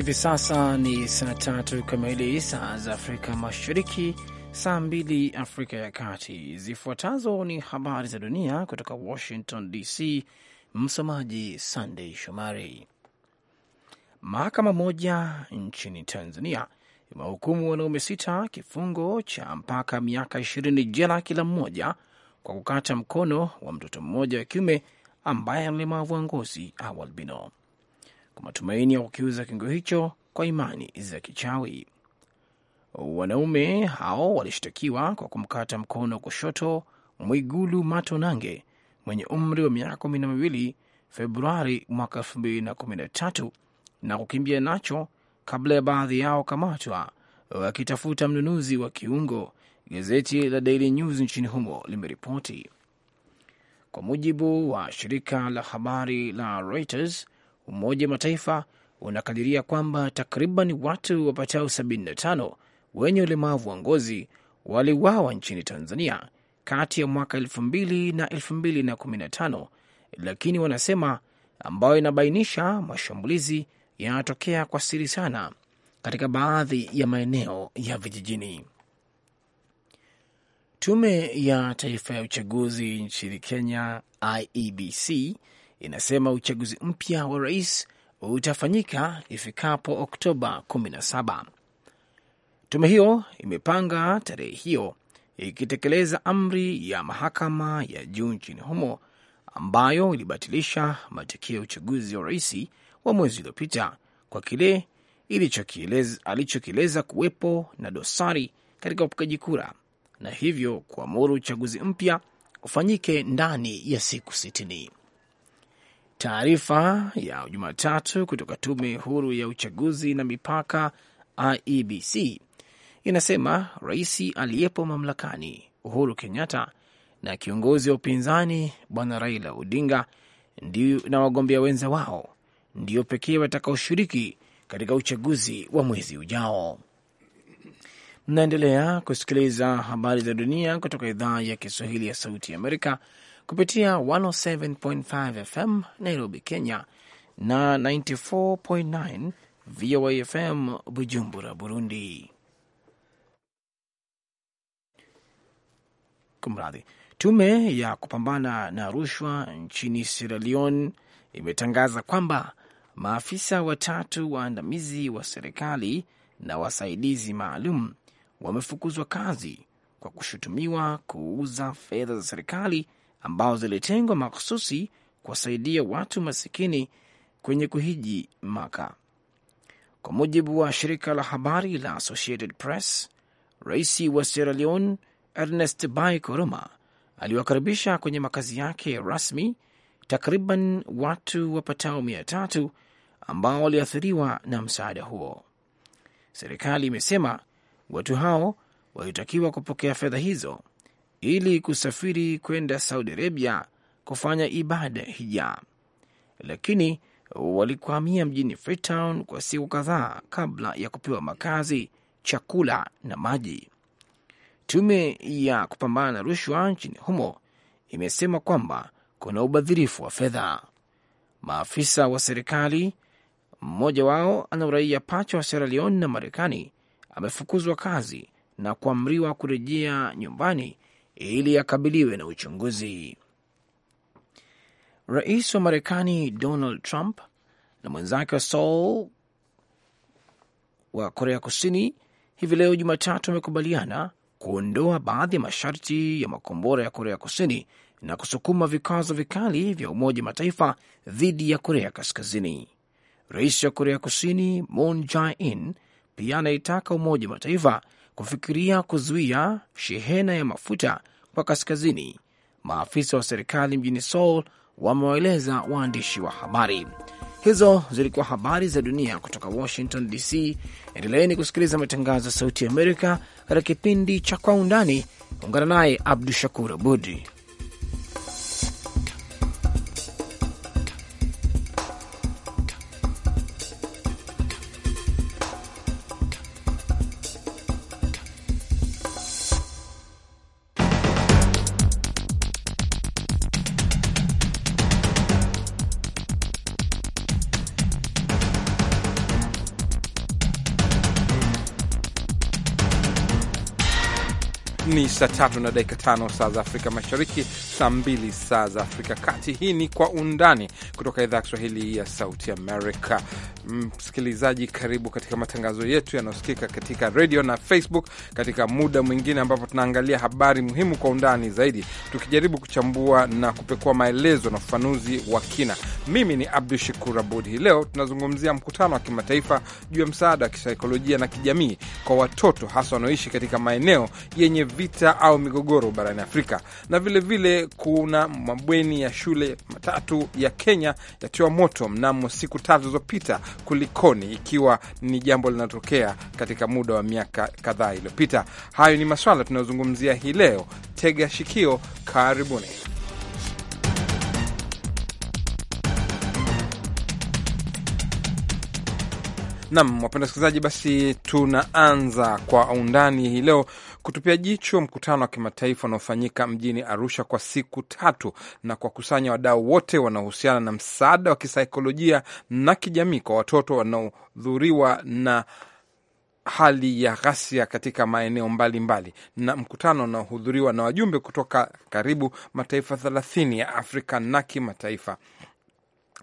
Hivi sasa ni saa tatu kamili saa za Afrika Mashariki, saa mbili Afrika ya Kati. Zifuatazo ni habari za dunia kutoka Washington DC. Msomaji Sandei Shomari. Mahakama moja nchini Tanzania imehukumu wanaume sita kifungo cha mpaka miaka ishirini jela kila mmoja kwa kukata mkono wa mtoto mmoja wa kiume ambaye ana ulemavu wa ngozi au albino kwa matumaini ya kukiuza kingo hicho kwa imani za kichawi. Wanaume hao walishtakiwa kwa kumkata mkono kushoto Mwigulu Matonange mwenye umri wa miaka kumi na miwili Februari mwaka elfu mbili na kumi na tatu na kukimbia nacho kabla ya baadhi yao kamatwa wakitafuta mnunuzi wa kiungo, gazeti la Daily News nchini humo limeripoti. Kwa mujibu wa shirika la habari la Reuters, Umoja wa Mataifa unakadiria kwamba takriban watu wapatao 75 wenye ulemavu wa ngozi waliuawa nchini Tanzania kati ya mwaka 2000 na 2015, lakini wanasema ambayo inabainisha mashambulizi yanatokea kwa siri sana katika baadhi ya maeneo ya vijijini. Tume ya Taifa ya Uchaguzi nchini Kenya, IEBC, inasema uchaguzi mpya wa rais utafanyika ifikapo Oktoba 17. Tume hiyo imepanga tarehe hiyo ikitekeleza amri ya mahakama ya juu nchini humo ambayo ilibatilisha matokeo ya uchaguzi wa rais wa mwezi uliopita kwa kile alichokieleza kuwepo na dosari katika upigaji kura na hivyo kuamuru uchaguzi mpya ufanyike ndani ya siku sitini. Taarifa ya Jumatatu kutoka tume huru ya uchaguzi na mipaka IEBC inasema rais aliyepo mamlakani Uhuru Kenyatta na kiongozi wa upinzani bwana Raila Odinga ndiyo na wagombea wenza wao ndio pekee watakaoshiriki katika uchaguzi wa mwezi ujao. Mnaendelea kusikiliza habari za dunia kutoka idhaa ya Kiswahili ya Sauti ya Amerika kupitia 107.5 FM Nairobi, Kenya na 94.9 VOA FM Bujumbura, Burundi. Kumradhi, tume ya kupambana na rushwa nchini Sierra Leone imetangaza kwamba maafisa watatu waandamizi wa serikali na wasaidizi maalum wamefukuzwa kazi kwa kushutumiwa kuuza fedha za serikali ambao zilitengwa mahususi kuwasaidia watu masikini kwenye kuhiji Maka. Kwa mujibu wa shirika la habari la Associated Press, rais wa Sierra Leone Ernest Bai Koroma aliwakaribisha kwenye makazi yake rasmi takriban watu wapatao mia tatu ambao waliathiriwa na msaada huo. Serikali imesema watu hao walitakiwa kupokea fedha hizo ili kusafiri kwenda Saudi Arabia kufanya ibada ya hija, lakini walikuhamia mjini Freetown kwa siku kadhaa kabla ya kupewa makazi, chakula na maji. Tume ya kupambana na rushwa nchini humo imesema kwamba kuna ubadhirifu wa fedha. Maafisa wa serikali, mmoja wao ana uraia pacha wa Sierra Leone na Marekani, amefukuzwa kazi na kuamriwa kurejea nyumbani ili akabiliwe na uchunguzi. Rais wa Marekani Donald Trump na mwenzake wa Seoul wa Korea Kusini hivi leo Jumatatu wamekubaliana kuondoa baadhi ya masharti ya makombora ya Korea Kusini na kusukuma vikwazo vikali vya Umoja Mataifa dhidi ya Korea Kaskazini. Rais wa Korea Kusini Moon Jae-in pia anaitaka Umoja Mataifa kufikiria kuzuia shehena ya mafuta wa kaskazini, maafisa wa serikali mjini Seoul wamewaeleza waandishi wa habari. Hizo zilikuwa habari za dunia kutoka Washington DC. Endeleeni kusikiliza matangazo ya Sauti ya Amerika katika kipindi cha Kwa Undani. Ungana naye Abdu Shakur Abudi. saa tatu na dakika tano saa za Afrika Mashariki, saa mbili saa za Afrika Kati. Hii ni Kwa Undani kutoka idhaa ya Kiswahili ya Sauti Amerika. Msikilizaji, karibu katika matangazo yetu yanayosikika katika redio na Facebook, katika muda mwingine ambapo tunaangalia habari muhimu kwa undani zaidi, tukijaribu kuchambua na kupekua maelezo na ufafanuzi wa kina. Mimi ni Abdu Shakur Abud. Hii leo tunazungumzia mkutano wa kimataifa juu ya msaada wa kisaikolojia na kijamii kwa watoto, hasa wanaoishi katika maeneo yenye vita vita au migogoro barani Afrika. Na vilevile vile kuna mabweni ya shule matatu ya Kenya yatiwa moto mnamo siku tatu zilizopita, kulikoni, ikiwa ni jambo linalotokea katika muda wa miaka kadhaa iliyopita. Hayo ni maswala tunayozungumzia hii leo. Tega shikio, karibuni. Nam, wapenda wasikilizaji, basi tunaanza kwa undani hii leo kutupia jicho mkutano wa kimataifa unaofanyika mjini Arusha kwa siku tatu na kuwakusanya wadau wote wanaohusiana na msaada wa kisaikolojia na kijamii kwa watoto wanaodhuriwa na hali ya ghasia katika maeneo mbalimbali mbali. Na mkutano unaohudhuriwa na wajumbe kutoka karibu mataifa thelathini ya Afrika na kimataifa.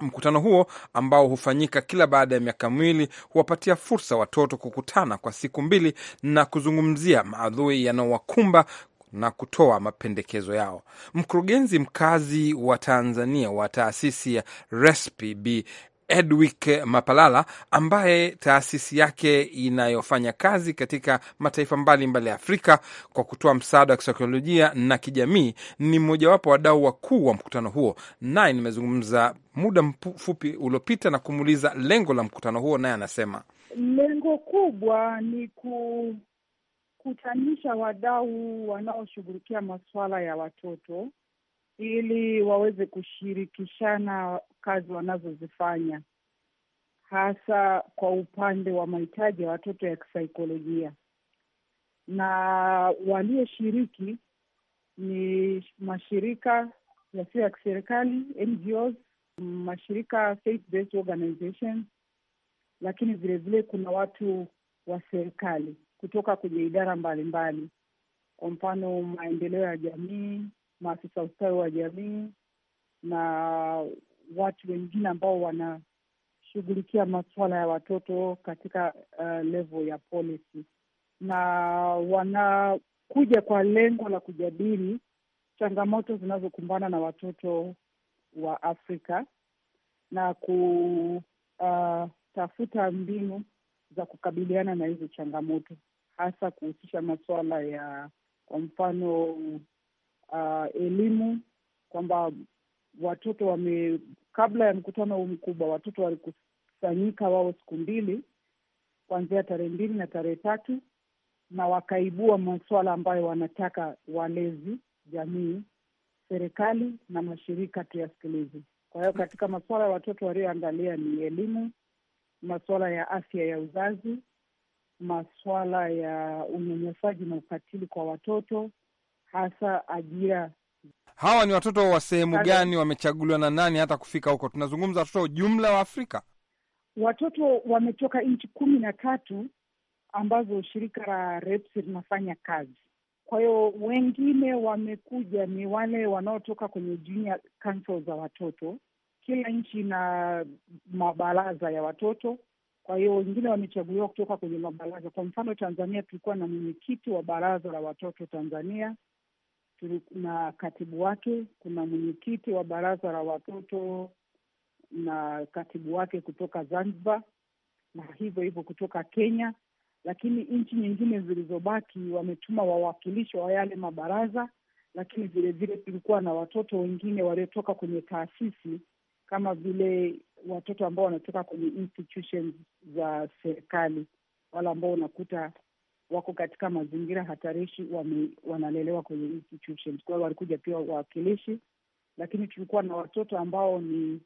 Mkutano huo ambao hufanyika kila baada ya miaka miwili huwapatia fursa watoto kukutana kwa siku mbili na kuzungumzia maadhui yanayowakumba na kutoa mapendekezo yao. Mkurugenzi mkazi wa Tanzania wa taasisi ya RESPI Bi Edwik Mapalala ambaye taasisi yake inayofanya kazi katika mataifa mbalimbali ya Afrika kwa kutoa msaada wa kisaikolojia na kijamii ni mmojawapo wadau wakuu wa mkutano huo, naye nimezungumza muda mfupi uliopita na kumuuliza lengo la mkutano huo, naye anasema lengo kubwa ni kukutanisha wadau wanaoshughulikia masuala ya watoto ili waweze kushirikishana kazi wanazozifanya hasa kwa upande wa mahitaji ya watoto ya kisaikolojia, na walioshiriki ni mashirika yasiyo ya kiserikali NGOs, mashirika faith based organizations, lakini vilevile kuna watu wa serikali kutoka kwenye idara mbalimbali, kwa mfano maendeleo ya jamii, maafisa ustawi wa jamii na watu wengine ambao wanashughulikia masuala ya watoto katika uh, level ya policy, na wanakuja kwa lengo la kujadili changamoto zinazokumbana na watoto wa Afrika na kutafuta uh, mbinu za kukabiliana na hizo changamoto, hasa kuhusisha masuala ya kwa mfano uh, elimu kwamba watoto wame, kabla ya mkutano huu mkubwa watoto walikusanyika wao siku mbili kuanzia tarehe mbili na tarehe tatu na wakaibua masuala ambayo wanataka walezi, jamii, serikali na mashirika tuyasikilizi Kwa hiyo katika masuala ya watoto walioangalia ni elimu, masuala ya afya ya uzazi, masuala ya unyanyasaji na ukatili kwa watoto, hasa ajira. Hawa ni watoto wa sehemu gani? Wamechaguliwa na nani hata kufika huko? Tunazungumza watoto jumla wa Afrika. Watoto wametoka nchi kumi na tatu ambazo shirika la REPS linafanya kazi. Kwa hiyo wengine wamekuja ni wale wanaotoka kwenye junior council za watoto. Kila nchi ina mabaraza ya watoto, kwa hiyo wengine wamechaguliwa kutoka kwenye mabaraza. Kwa mfano, Tanzania tulikuwa na mwenyekiti wa baraza la watoto Tanzania na katibu wake, kuna mwenyekiti wa baraza la watoto na katibu wake kutoka Zanzibar na hivyo hivyo kutoka Kenya, lakini nchi nyingine zilizobaki wametuma wawakilishi wa yale mabaraza. Lakini vilevile tulikuwa na watoto wengine waliotoka kwenye taasisi kama vile watoto ambao wanatoka kwenye institutions za serikali, wala ambao unakuta wako katika mazingira hatarishi, wame, wanalelewa kwenye institutions. Kwa hiyo walikuja pia wawakilishi, lakini tulikuwa na watoto ambao ni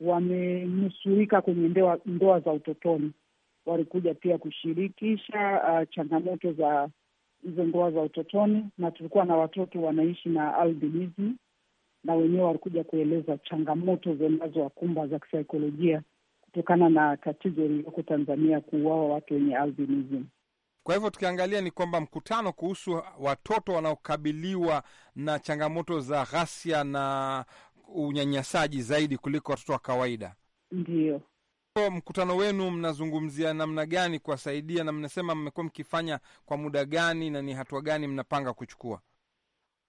wamenusurika kwenye ndoa, ndoa za utotoni. Walikuja pia kushirikisha uh, changamoto za hizo ndoa za utotoni, na tulikuwa na watoto wanaishi na albinism na wenyewe walikuja kueleza changamoto zinazowakumba za kisaikolojia kutokana na tatizo lililoko Tanzania, kuuawa watu wenye albinism. Kwa hivyo tukiangalia ni kwamba mkutano kuhusu watoto wanaokabiliwa na changamoto za ghasia na unyanyasaji zaidi kuliko watoto wa kawaida. Ndiyo. Mkutano wenu mnazungumzia namna gani kuwasaidia, na mnasema mmekuwa mkifanya kwa muda gani na ni hatua gani mnapanga kuchukua?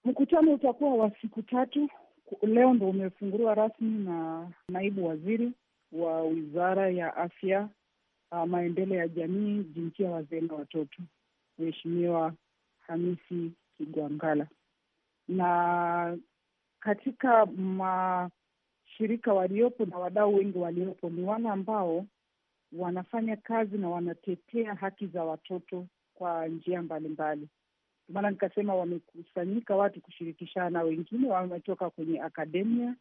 Mkutano utakuwa wa siku tatu. Leo ndo umefunguliwa rasmi na naibu waziri wa wizara ya afya uh, maendeleo ya jamii, jinsia, wazee na watoto, Mheshimiwa Hamisi Kigwangala. Na katika mashirika waliopo na wadau wengi waliopo ni wale ambao wanafanya kazi na wanatetea haki za watoto kwa njia mbalimbali. Maana nikasema wamekusanyika watu kushirikishana, wengine wametoka kwenye akademia,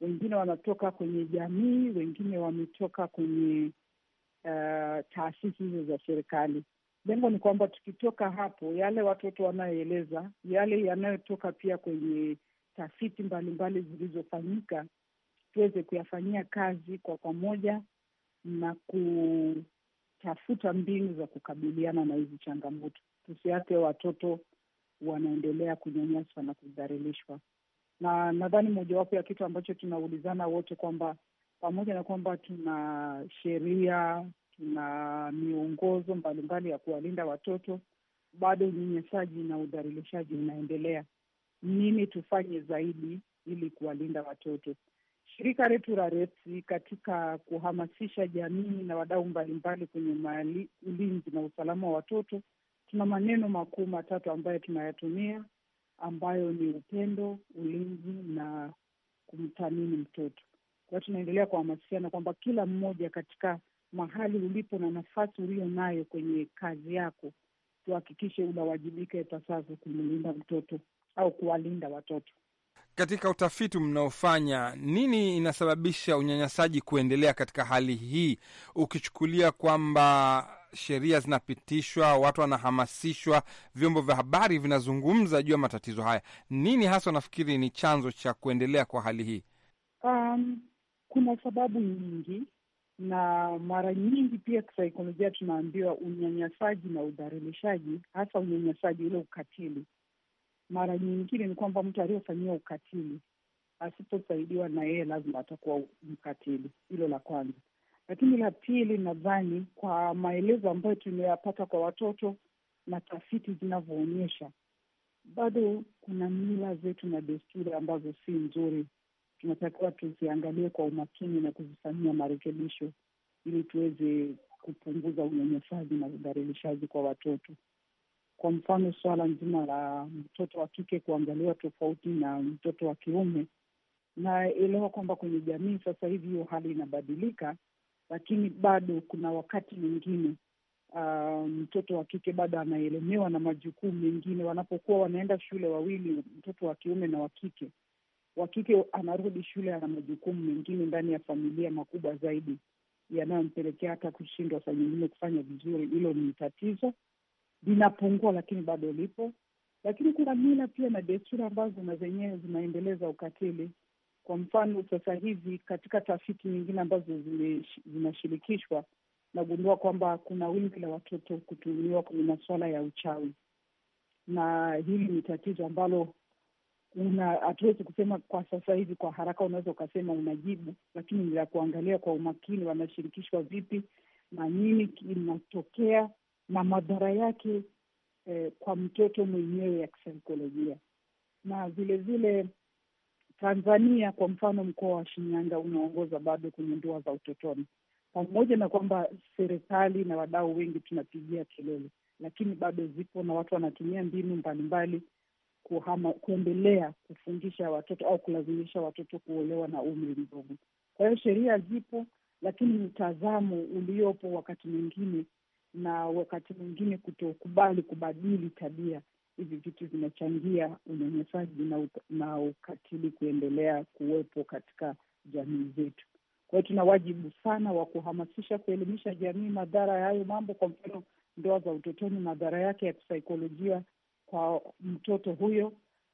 wengine wanatoka kwenye jamii, wengine wametoka kwenye uh, taasisi hizo za serikali. Lengo ni kwamba tukitoka hapo, yale watoto wanayoeleza, yale yanayotoka pia kwenye tafiti mbalimbali zilizofanyika, tuweze kuyafanyia kazi kwa pamoja na kutafuta mbinu za kukabiliana na hizi changamoto. Tusiache watoto wanaendelea kunyanyaswa na kudhalilishwa, na nadhani mojawapo ya kitu ambacho tunaulizana wote kwamba pamoja na kwamba tuna sheria, tuna miongozo mbalimbali ya kuwalinda watoto, bado unyanyasaji na udhalilishaji unaendelea. Nini tufanye zaidi ili kuwalinda watoto? Shirika letu la Refi katika kuhamasisha jamii na wadau mbalimbali kwenye ulinzi na usalama wa watoto, tuna maneno makuu matatu ambayo tunayatumia ambayo ni upendo, ulinzi na kumthamini mtoto. Kwa tunaendelea kuhamasishana kwamba kila mmoja katika mahali ulipo na nafasi ulio nayo kwenye kazi yako, tuhakikishe unawajibika ipasavyo kumlinda mtoto au kuwalinda watoto. Katika utafiti mnaofanya, nini inasababisha unyanyasaji kuendelea katika hali hii, ukichukulia kwamba sheria zinapitishwa, watu wanahamasishwa, vyombo vya habari vinazungumza juu ya matatizo haya? Nini hasa unafikiri ni chanzo cha kuendelea kwa hali hii? Um, kuna sababu nyingi, na mara nyingi pia kisaikolojia tunaambiwa unyanyasaji na udhalilishaji, hasa unyanyasaji ule ukatili, mara nyingine ni kwamba mtu aliyofanyiwa ukatili asiposaidiwa na yeye lazima atakuwa mkatili. Hilo la kwanza, lakini la pili, nadhani kwa maelezo ambayo tumeyapata kwa watoto na tafiti zinavyoonyesha, bado kuna mila zetu na desturi ambazo si nzuri tunatakiwa tuziangalie kwa umakini na kuzifanyia marekebisho ili tuweze kupunguza unyanyasaji na udhalilishaji kwa watoto. Kwa mfano, suala nzima la mtoto wa kike kuangaliwa tofauti na mtoto wa kiume, naelewa kwamba kwenye jamii sasa hivi hiyo hali inabadilika, lakini bado kuna wakati mwingine Uh, mtoto wa kike bado anaelemewa na majukumu mengine. Wanapokuwa wanaenda shule wawili, mtoto wa kiume na wa kike, wa kike anarudi shule, ana majukumu mengine ndani ya familia makubwa zaidi yanayompelekea hata kushindwa saa nyingine kufanya vizuri. Hilo ni tatizo, linapungua lakini bado lipo. Lakini kuna mila pia na desturi ambazo na zenyewe zinaendeleza ukatili. Kwa mfano, sasa hivi katika tafiti nyingine ambazo zinashirikishwa, nagundua kwamba kuna wingi la watoto kutumiwa kwenye masuala ya uchawi, na hili ni tatizo ambalo una hatuwezi kusema kwa sasa hivi kwa haraka, unaweza ukasema unajibu, lakini ni la kuangalia kwa umakini, wanashirikishwa vipi na nini kinatokea na madhara yake eh, kwa mtoto mwenyewe ya kisaikolojia. Na vilevile Tanzania kwa mfano, mkoa wa Shinyanga unaongoza bado kwenye ndoa za utotoni, pamoja na kwamba serikali na wadau wengi tunapigia kelele, lakini bado zipo na watu wanatumia mbinu mbalimbali kuhama, kuendelea kufundisha watoto au kulazimisha watoto kuolewa na umri mdogo. Kwa hiyo sheria zipo, lakini mtazamo uliopo wakati mwingine na wakati mwingine kutokubali kubadili tabia, hivi vitu vinachangia unyanyasaji na, na ukatili kuendelea kuwepo katika jamii zetu. Kwa hiyo tuna wajibu sana wa kuhamasisha, kuelimisha jamii madhara ya hayo mambo, kwa mfano ndoa za utotoni, madhara yake ya kisaikolojia kwa mtoto huyo,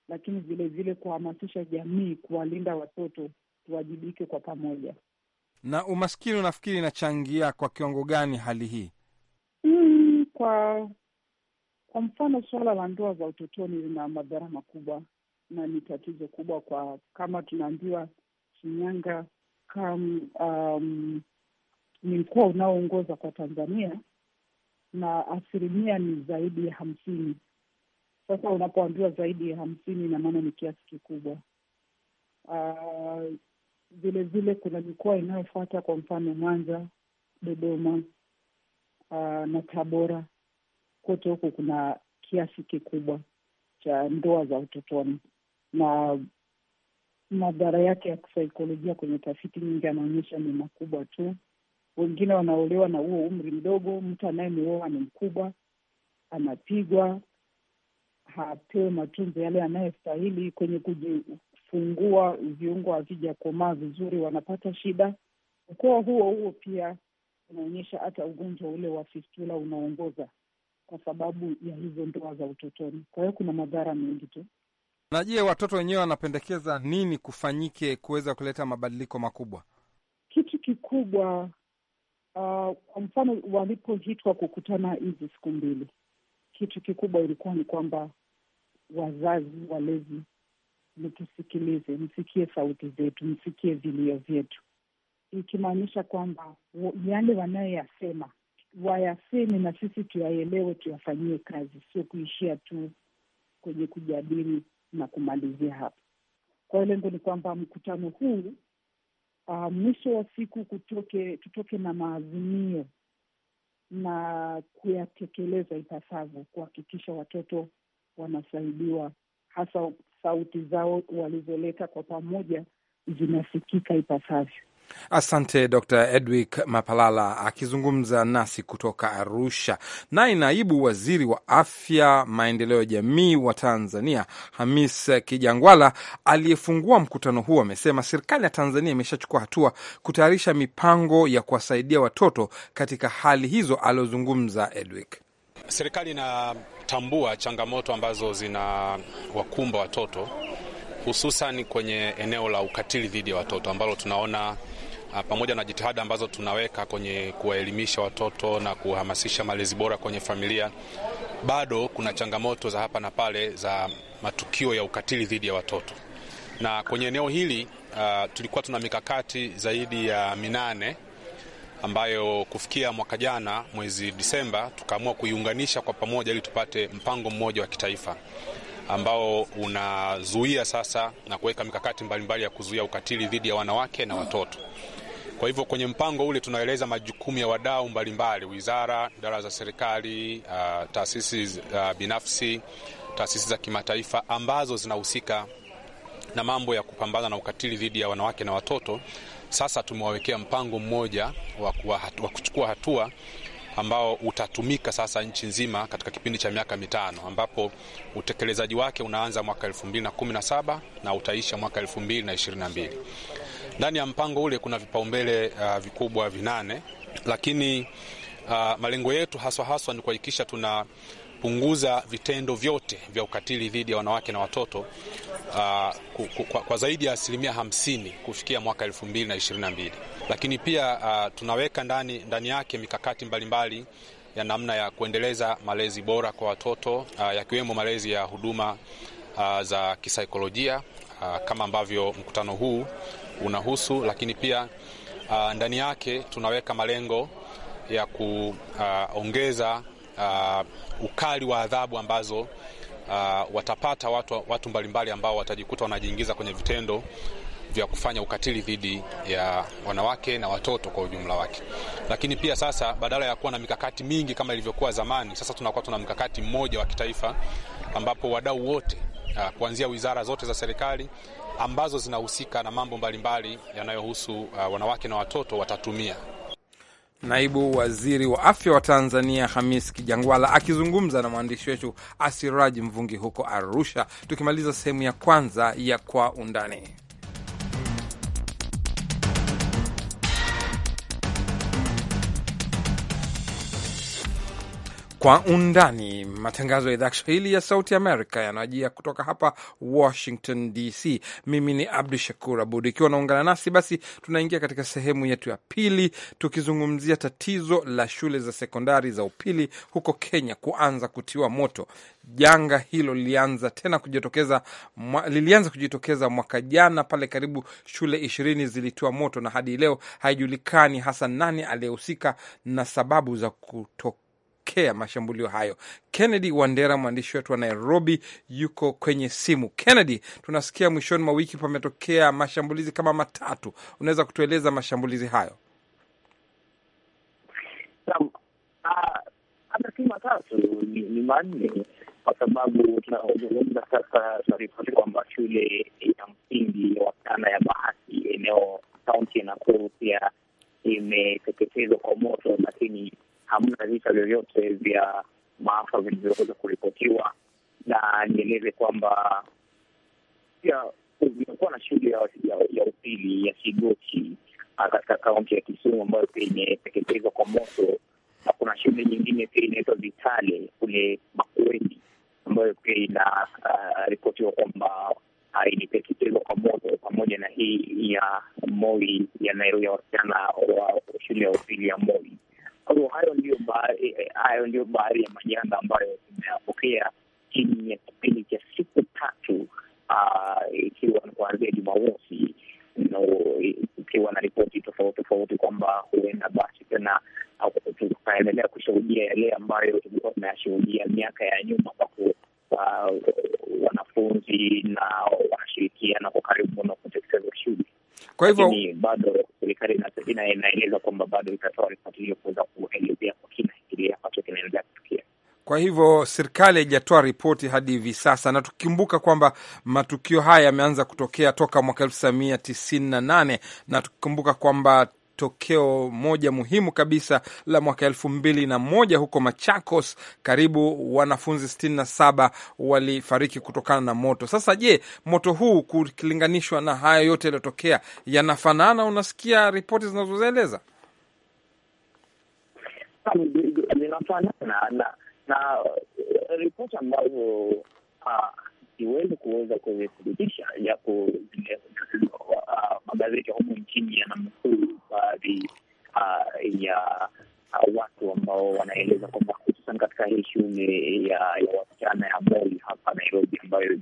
lakini vilevile kuhamasisha jamii kuwalinda watoto, tuwajibike kwa pamoja. Na umaskini unafikiri inachangia kwa kiwango gani hali hii? Mm, kwa kwa mfano suala la ndoa za utotoni lina madhara makubwa na ni tatizo kubwa kwa kama tunaambiwa Shinyanga kam, um, ni mkoa unaoongoza kwa Tanzania na asilimia ni zaidi ya hamsini sasa unapoambiwa zaidi ya hamsini, ina maana ni kiasi kikubwa. Vilevile ah, kuna mikoa inayofuata, kwa mfano Mwanza, Dodoma uh, na Tabora. Kote huku kuna kiasi kikubwa cha ndoa za utotoni, na madhara yake ya kisaikolojia kwenye tafiti nyingi anaonyesha ni makubwa tu. Wengine wanaolewa na huo umri mdogo, mtu anayemuoa ni mkubwa, anapigwa, hapewe matunzo yale yanayostahili. Kwenye kujifungua, viungo havijakomaa vizuri, wanapata shida. Mkoa huo huo pia unaonyesha hata ugonjwa ule wa fistula unaongoza kwa sababu ya hizo ndoa za utotoni. Kwa hiyo kuna madhara mengi tu. Na je, watoto wenyewe wanapendekeza nini kufanyike kuweza kuleta mabadiliko makubwa? Kitu kikubwa uh, kwa mfano walipoitwa kukutana hizi siku mbili, kitu kikubwa ilikuwa ni kwamba wazazi, walezi, mtusikilize, msikie sauti zetu, msikie vilio vyetu, ikimaanisha kwamba yale wanayoyasema wayaseme na sisi tuyaelewe, tuyafanyie kazi, sio kuishia tu kwenye kujadili na kumalizia hapo. Kwa hiyo lengo ni kwamba mkutano huu uh, mwisho wa siku kutoke, tutoke na maazimio na kuyatekeleza ipasavyo, kuhakikisha watoto wanasaidiwa, hasa sauti zao walizoleta kwa pamoja zinasikika ipasavyo. Asante Dr edwik Mapalala akizungumza nasi kutoka Arusha. Naye naibu waziri wa afya, maendeleo ya jamii wa Tanzania, Hamis Kijangwala, aliyefungua mkutano huo amesema serikali ya Tanzania imeshachukua hatua kutayarisha mipango ya kuwasaidia watoto katika hali hizo aliyozungumza Edwik. Serikali ina kutambua changamoto ambazo zina wakumba watoto hususan kwenye eneo la ukatili dhidi ya watoto ambalo tunaona ah, pamoja na jitihada ambazo tunaweka kwenye kuwaelimisha watoto na kuhamasisha malezi bora kwenye familia, bado kuna changamoto za hapa na pale za matukio ya ukatili dhidi ya watoto. Na kwenye eneo hili uh, tulikuwa tuna mikakati zaidi ya minane ambayo kufikia mwaka jana mwezi Disemba tukaamua kuiunganisha kwa pamoja ili tupate mpango mmoja wa kitaifa ambao unazuia sasa na kuweka mikakati mbalimbali mbali ya kuzuia ukatili dhidi ya wanawake na watoto. Kwa hivyo kwenye mpango ule tunaeleza majukumu ya wadau mbalimbali, wizara, idara za serikali, uh, taasisi uh, binafsi, taasisi za kimataifa ambazo zinahusika na mambo ya kupambana na ukatili dhidi ya wanawake na watoto sasa tumewawekea mpango mmoja wa kuchukua hatua ambao utatumika sasa nchi nzima katika kipindi cha miaka mitano ambapo utekelezaji wake unaanza mwaka 2017 na utaisha mwaka 2022. Ndani ya mpango ule kuna vipaumbele uh, vikubwa vinane, lakini uh, malengo yetu haswa haswa ni kuhakikisha tunapunguza vitendo vyote vya ukatili dhidi ya wanawake na watoto uh, kwa, kwa zaidi ya asilimia hamsini kufikia mwaka elfu mbili na ishirini na mbili. Lakini pia uh, tunaweka ndani, ndani yake mikakati mbalimbali ya namna ya kuendeleza malezi bora kwa watoto uh, yakiwemo malezi ya huduma uh, za kisaikolojia uh, kama ambavyo mkutano huu unahusu, lakini pia uh, ndani yake tunaweka malengo ya kuongeza uh, uh, ukali wa adhabu ambazo uh, watapata watu, watu mbalimbali ambao watajikuta wanajiingiza kwenye vitendo vya kufanya ukatili dhidi ya wanawake na watoto kwa ujumla wake. Lakini pia sasa, badala ya kuwa na mikakati mingi kama ilivyokuwa zamani, sasa tunakuwa tuna mkakati mmoja wa kitaifa ambapo wadau wote uh, kuanzia wizara zote za serikali ambazo zinahusika na mambo mbalimbali yanayohusu uh, wanawake na watoto watatumia Naibu waziri wa afya wa Tanzania Hamis Kijangwala akizungumza na mwandishi wetu Asiraji Mvungi huko Arusha, tukimaliza sehemu ya kwanza ya Kwa Undani. Kwa Undani, matangazo ya idhaa Kiswahili ya Sauti Amerika yanawajia kutoka hapa Washington DC. Mimi ni Abdu Shakur Abud. Ikiwa unaungana nasi, basi tunaingia katika sehemu yetu ya pili, tukizungumzia tatizo la shule za sekondari za upili huko Kenya kuanza kutiwa moto. Janga hilo lilianza tena kujitokeza, lilianza kujitokeza mwaka jana pale, karibu shule ishirini zilitiwa moto na hadi leo haijulikani hasa nani aliyehusika na sababu za kutoka kupokea mashambulio hayo. Kennedy Wandera, mwandishi wetu wa Nairobi, yuko kwenye simu. Kennedy, tunasikia mwishoni mwa wiki pametokea mashambulizi kama matatu, unaweza kutueleza mashambulizi hayo? Amesema ah, tatu ni manne kwa sababu tunazungumza sasa, tunaripoti kwamba shule ya msingi ya wasichana ya Bahati eneo kaunti ya Nakuru pia imeteketezwa kwa moto, lakini hamna visa vyovyote vya maafa vilivyoweza kuripotiwa, na nieleze kwamba pia kumekuwa na shule ya, ya upili ya Kigoti ah, katika kaunti ya Kisumu ambayo pia imeteketezwa kwa moto, na kuna shule nyingine pia inaitwa Vitale kule Makueni ambayo pia inaripotiwa ah, uh, kwamba uh, ah, iliteketezwa kwa moto pamoja na hii ya Moi ya Nairobi ya wasichana wa shule ya upili ya Moi. Kwa hayo ndiyo baadhi, eh, eh, hayo ndiyo baadhi ya majanga ambayo tumeyapokea chini ya kipindi cha siku tatu, ah, ikiwa ni kuanzia Jumamosi ukiwa na ripoti tofauti tofauti kwamba huenda basi tena tukaendelea kushuhudia yale ambayo tulikuwa tunayashuhudia miaka ya nyuma, ambapo wanafunzi na wanashirikiana kwa karibu na kutekeleza shughuli. Kwa hivyo bado serikali inaeleza kwamba bado itatoa ripoti hiyo kuweza kuelezea kwa kina kile ambacho kinaendelea kutukia. Kwa hivyo serikali haijatoa ripoti hadi hivi sasa, na tukikumbuka kwamba matukio haya yameanza kutokea toka mwaka elfu tisa mia tisini na nane na tukikumbuka kwamba tokeo moja muhimu kabisa la mwaka elfu mbili na moja huko Machakos. Karibu wanafunzi sitini na saba walifariki kutokana na moto. Sasa je, moto huu kulinganishwa na haya yote yaliyotokea yanafanana? Unasikia ripoti zinazozieleza zinafanana na, na eh, ripoti ambazo ah, siwezi kuweza kuzithibitisha japo ah, magazeti ya humu nchini yanamnukuu baadhi uh, ya uh, watu ambao wanaeleza kwamba hususan katika hii shule ya, ya wasichana ya Moi hapa Nairobi ambayo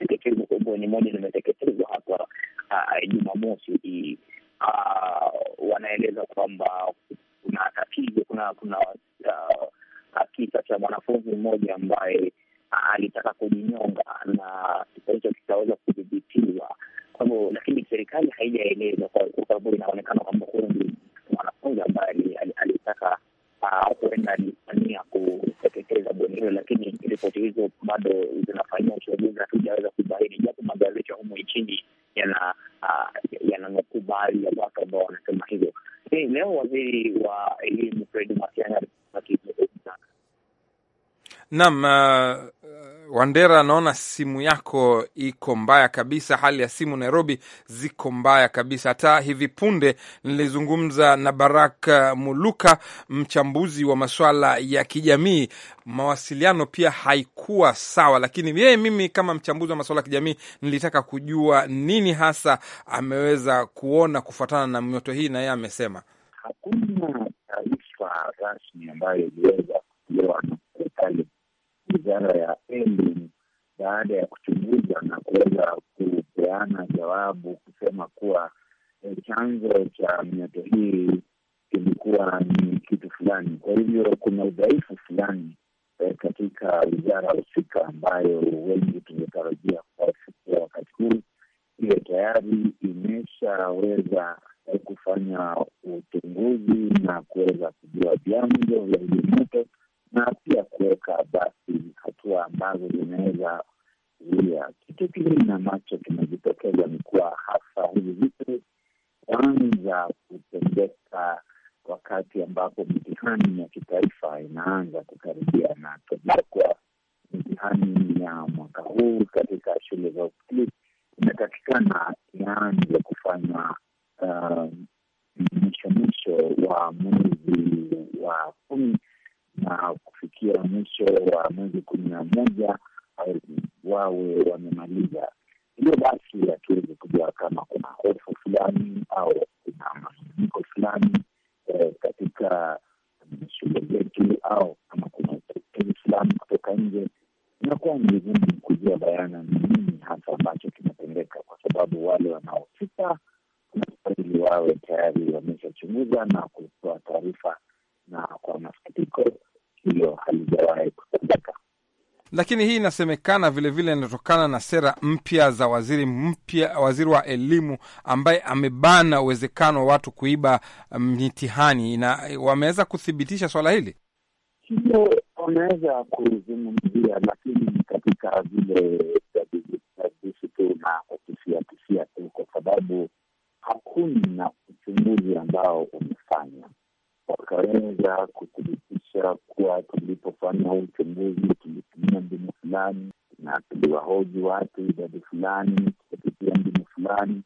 imeteketezwa ni moja limeteketezwa hapa uh, Jumamosi hii uh, wanaeleza kwamba kuna tatizo, kuna kuna uh, kisa cha mwanafunzi mmoja ambaye Naam, uh, uh, Wandera, naona simu yako iko mbaya kabisa. Hali ya simu Nairobi ziko mbaya kabisa. Hata hivi punde nilizungumza na Barak uh, Muluka, mchambuzi wa masuala ya kijamii. Mawasiliano pia haikuwa sawa, lakini yeye, mimi kama mchambuzi wa masuala ya kijamii, nilitaka kujua nini hasa ameweza kuona kufuatana na mioto hii, na yeye amesema hakuna taarifa rasmi ambayo iliweza kutolewa na serikali wizara ya elimu baada ya kuchunguza na kuweza kupeana jawabu kusema kuwa e, chanzo cha mioto hii kilikuwa ni kitu fulani. Kwa hivyo kuna udhaifu fulani e, katika wizara husika ambayo wengi tungetarajia kuwafikia wakati huu hiyo tayari imeshaweza eh, kufanya uchunguzi na kuweza kujua vyanzo vya hili moto na pia kuweka ambazo zinaweza zuia. Kitu kingine ambacho kinajitokeza ni kuwa hasa hivi vitu kuanza kutendeka wakati ambapo mitihani ya kitaifa inaanza kukaribia, na kuwa mitihani ya mwaka huu katika shule za upili inatakikana ianze kufanywa um, mwisho mwisho wa mwezi wa kumi na kufikia mwisho wa mwezi kumi na moja wawe wamemaliza. hiyo, basi, hatuwezi kujua kama kuna hofu fulani au kuna mafuriko fulani eh, katika shule zetu au kama kuna utetezi fulani kutoka nje. Inakuwa ni vigumu kujua bayana ni nini hasa ambacho kinatendeka, kwa sababu wale wanaofika nastahili wawe tayari wameshachunguza na kutoa taarifa, na kwa masikitiko hilo halijawahi kutendeka. Lakini hii inasemekana vilevile inatokana na sera mpya za waziri mpya, waziri wa elimu ambaye amebana uwezekano wa watu kuiba um, mitihani, na wameweza kuthibitisha swala hili hiyo wameweza kuzungumzia, lakini katika zile tadishi tu na kutisia tu, kwa sababu hakuna uchunguzi ambao umefanya wakaweza kuthibitisha sera kuwa tulipofanya huu uchunguzi tulitumia mbinu fulani na tuliwahoji watu idadi fulani, tukapitia mbinu fulani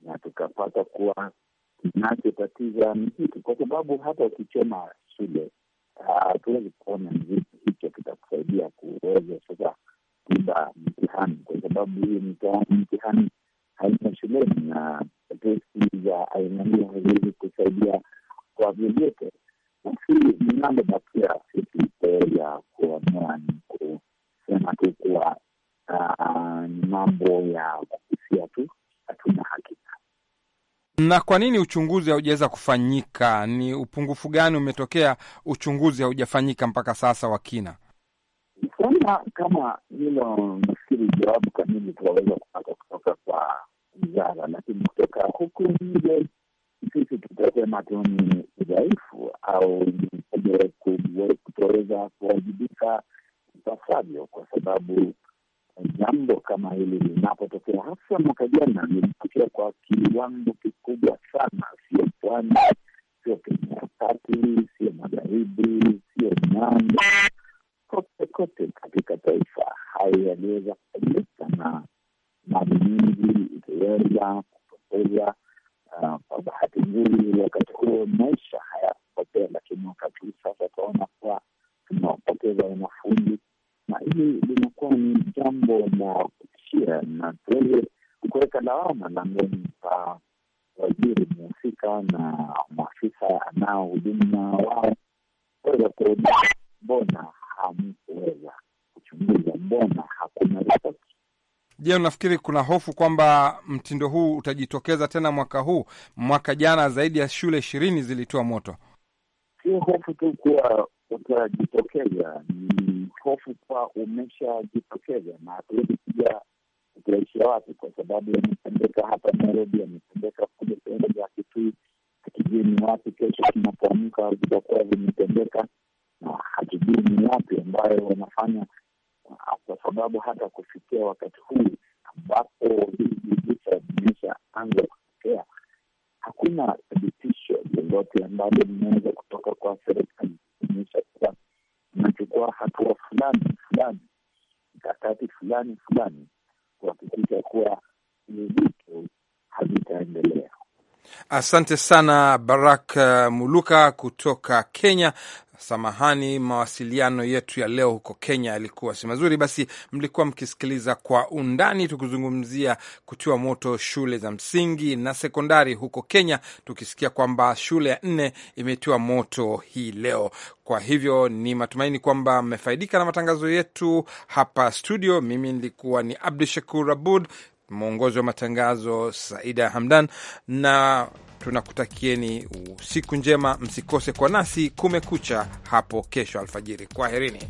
na tukapata kuwa kinachotatiza mziki, kwa sababu hata ukichoma shule ah, hatuwezi uh, kuona mziki hicho kitakusaidia kuweza sasa kuba mtihani, kwa sababu hiyo mtihani Na kwa nini uchunguzi haujaweza kufanyika? Ni upungufu gani umetokea uchunguzi haujafanyika mpaka sasa wa kina? Kwanza kama hilo, nafikiri jawabu kamili tunaweza kupata kutoka kwa wizara, lakini kutoka huku nje sisi tutasema tu ni udhaifu au kutoweza kuwajibika ipasavyo, kwa sababu jambo kama hili linapotokea, hasa mwaka jana lilitokea kwa kiwango kote katika taifa. Hayo yaliweza kufanyika na mali nyingi iliweza kupoteza. Uh, kwa bahati nzuri, wakati huo maisha hayakupotea, lakini wakati huu sasa tunaona kuwa tunawapoteza wanafunzi, na hili linakuwa ni jambo la kutishia, na tuweze kuweka lawama langoni pa waziri mhusika na maafisa anao huduma wao kuweza kuona mbona hamu kuweza kuchunguza mbona hakuna ripoti. Je, unafikiri kuna hofu kwamba mtindo huu utajitokeza tena mwaka huu? Mwaka jana zaidi ya shule ishirini zilitoa moto. Sio hofu tu kuwa utajitokeza, ni hofu kwa umeshajitokeza, na hatuwezi kuja kufurahisha watu, kwa sababu yametendeka hapa Nairobi, yametendeka kule sehemu za Kitui, hatujui ni wapi kesho tunapoamka vitakuwa vimetendeka ambayo wanafanya uh, kwa sababu hata kufikia wakati huu ambapo hizi visa vimeshaanza kutokea, hakuna thibitisho lolote ambalo linaweza kutoka kwa serikali kuonyesha kuwa inachukua hatua fulani fulani, mikakati fulani fulani kuhakikisha kuwa hizi vitu havitaendelea. Asante sana Barak uh, Muluka kutoka Kenya. Samahani, mawasiliano yetu ya leo huko Kenya yalikuwa si mazuri. Basi mlikuwa mkisikiliza Kwa Undani tukizungumzia kutiwa moto shule za msingi na sekondari huko Kenya, tukisikia kwamba shule ya nne imetiwa moto hii leo. Kwa hivyo ni matumaini kwamba mmefaidika na matangazo yetu hapa studio. Mimi nilikuwa ni Abdu Shakur Abud, mwongozi wa matangazo Saida Hamdan na tunakutakieni usiku njema, msikose kwa nasi Kumekucha hapo kesho alfajiri. Kwaherini.